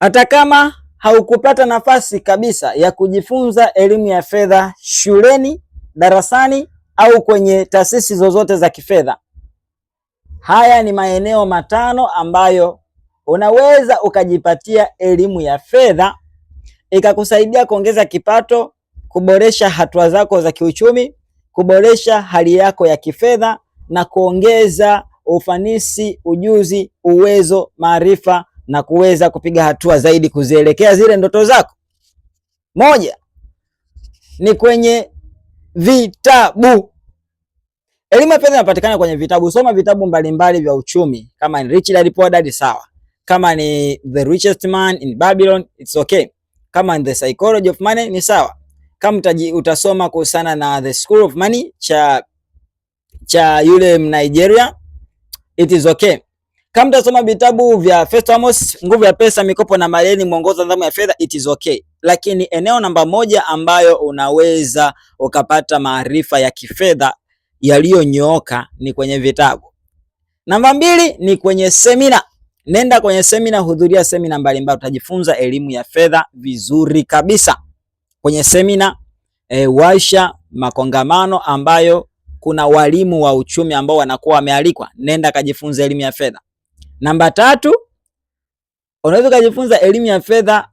Hata kama haukupata nafasi kabisa ya kujifunza elimu ya fedha shuleni, darasani au kwenye taasisi zozote za kifedha, haya ni maeneo matano ambayo unaweza ukajipatia elimu ya fedha ikakusaidia kuongeza kipato, kuboresha hatua zako za kiuchumi, kuboresha hali yako ya kifedha na kuongeza ufanisi, ujuzi, uwezo, maarifa na kuweza kupiga hatua zaidi kuzielekea zile ndoto zako? Moja ni kwenye vitabu. Elimu ya fedha inapatikana kwenye vitabu. Soma vitabu mbalimbali vya uchumi, kama ni Rich Dad Poor Dad, sawa. Kama ni The Richest Man in Babylon, it's okay. Kama ni The Psychology of Money ni sawa. Kama utaji, utasoma kuhusiana na The School of Money cha cha yule Nigeria, it is okay. Kama mtasoma vitabu vya Festo Amos, Nguvu ya Pesa, Mikopo na Madeni, Mwongozo wa Nidhamu ya Fedha, it is okay. Lakini eneo namba moja ambayo unaweza ukapata maarifa ya kifedha yaliyonyooka ni kwenye vitabu. Namba mbili ni kwenye semina. Nenda kwenye semina, hudhuria semina mbalimbali, utajifunza elimu ya fedha vizuri kabisa kwenye semina e, eh, washa makongamano ambayo kuna walimu wa uchumi ambao wanakuwa wamealikwa. Nenda kajifunza elimu ya fedha. Namba tatu, unaweza ukajifunza elimu ya fedha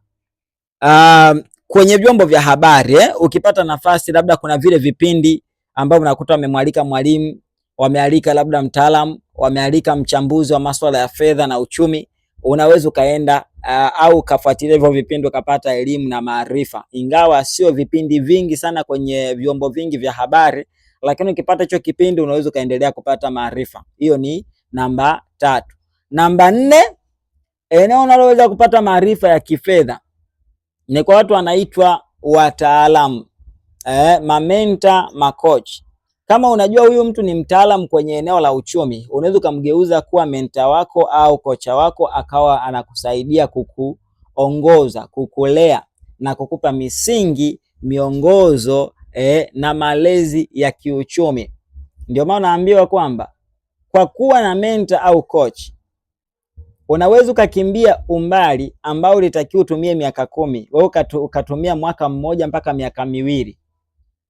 uh, kwenye vyombo vya habari eh? Ukipata nafasi, labda kuna vile vipindi ambavyo unakuta wamemwalika mwalimu, wamealika labda mtaalamu, wamealika mchambuzi wa masuala ya fedha na uchumi, unaweza ukaenda uh, au ukafuatilia hivyo vipindi ukapata elimu na maarifa, ingawa sio vipindi vingi sana kwenye vyombo vingi vya habari, lakini ukipata hicho kipindi unaweza ukaendelea kupata maarifa. Hiyo ni namba tatu. Namba nne, eneo unaloweza kupata maarifa ya kifedha ni kwa watu wanaitwa wataalamu eh, mamenta, makoch Kama unajua huyu mtu ni mtaalamu kwenye eneo la uchumi, unaweza ukamgeuza kuwa menta wako au kocha wako, akawa anakusaidia kukuongoza, kukulea na kukupa misingi, miongozo eh, na malezi ya kiuchumi. Ndio maana naambiwa kwamba kwa kuwa na menta au coach Unaweza ukakimbia umbali ambao ulitakiwa utumie miaka kumi, wewe ukatumia mwaka mmoja mpaka miaka miwili.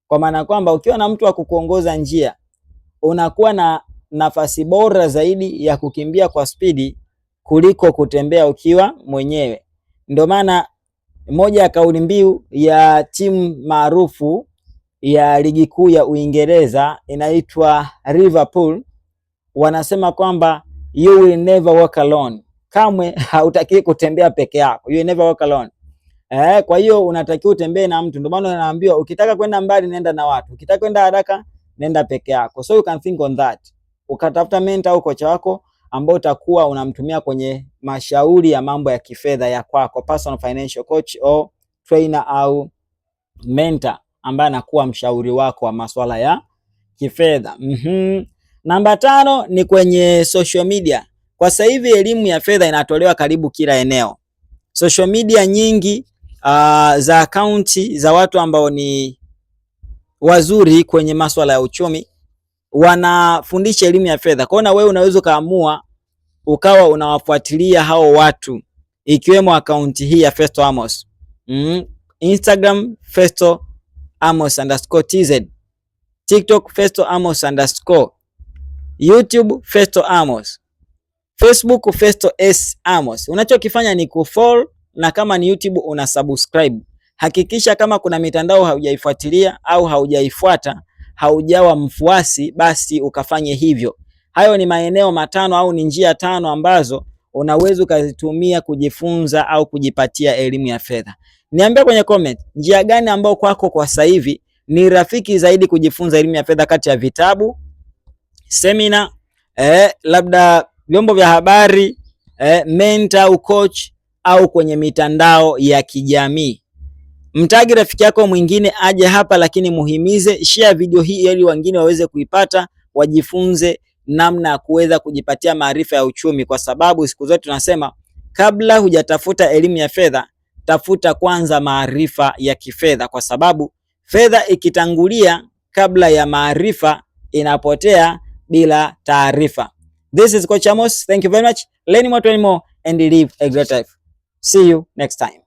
Kwa maana kwamba ukiwa na mtu wa kukuongoza njia, unakuwa na nafasi bora zaidi ya kukimbia kwa spidi kuliko kutembea ukiwa mwenyewe. Ndio maana moja ya kauli mbiu ya timu maarufu ya ligi kuu ya Uingereza inaitwa Liverpool, wanasema kwamba you will never walk alone kamwe hautakiwi kutembea peke yako. You never walk alone. Eh, kwa hiyo unatakiwa utembee na mtu. Ndio maana naambiwa ukitaka kwenda mbali nenda na watu. Ukitaka kwenda haraka nenda peke yako. So you can think on that. Ukatafuta mentor au kocha wako ambao utakuwa unamtumia kwenye mashauri ya mambo ya kifedha ya kwako, personal financial coach au trainer au mentor ambaye anakuwa mshauri wako wa masuala ya kifedha. Mhm. Mm. Namba tano ni kwenye social media. Kwa sasa hivi elimu ya fedha inatolewa karibu kila eneo. Social media nyingi uh, za akaunti za watu ambao ni wazuri kwenye masuala ya uchumi wanafundisha elimu ya fedha. Kwa hiyo na wewe unaweza ukaamua ukawa unawafuatilia hao watu, ikiwemo akaunti hii ya Festo Amos mm, Instagram Festo Amos underscore tz, TikTok Festo Amos underscore, YouTube Festo Amos. Facebook Festo S Amos. Unachokifanya ni kufollow na kama ni YouTube una subscribe. Hakikisha kama kuna mitandao haujaifuatilia au haujaifuata, haujawa mfuasi, basi ukafanye hivyo. Hayo ni maeneo matano au ni njia tano ambazo unaweza ukazitumia kujifunza au kujipatia elimu ya fedha. Niambia kwenye comment, njia gani ambayo kwako kwa sasa hivi ni rafiki zaidi kujifunza elimu ya fedha kati ya vitabu, semina, eh, labda vyombo vya habari eh, mentor au coach au kwenye mitandao ya kijamii. Mtagi rafiki yako mwingine aje hapa, lakini muhimize share video hii ili wengine waweze kuipata, wajifunze namna ya kuweza kujipatia maarifa ya uchumi, kwa sababu siku zote tunasema kabla hujatafuta elimu ya fedha, tafuta kwanza maarifa ya kifedha, kwa sababu fedha ikitangulia kabla ya maarifa, inapotea bila taarifa. This is Coach Amos. Thank you very much. Learn more, train more, and live a great life. See you next time.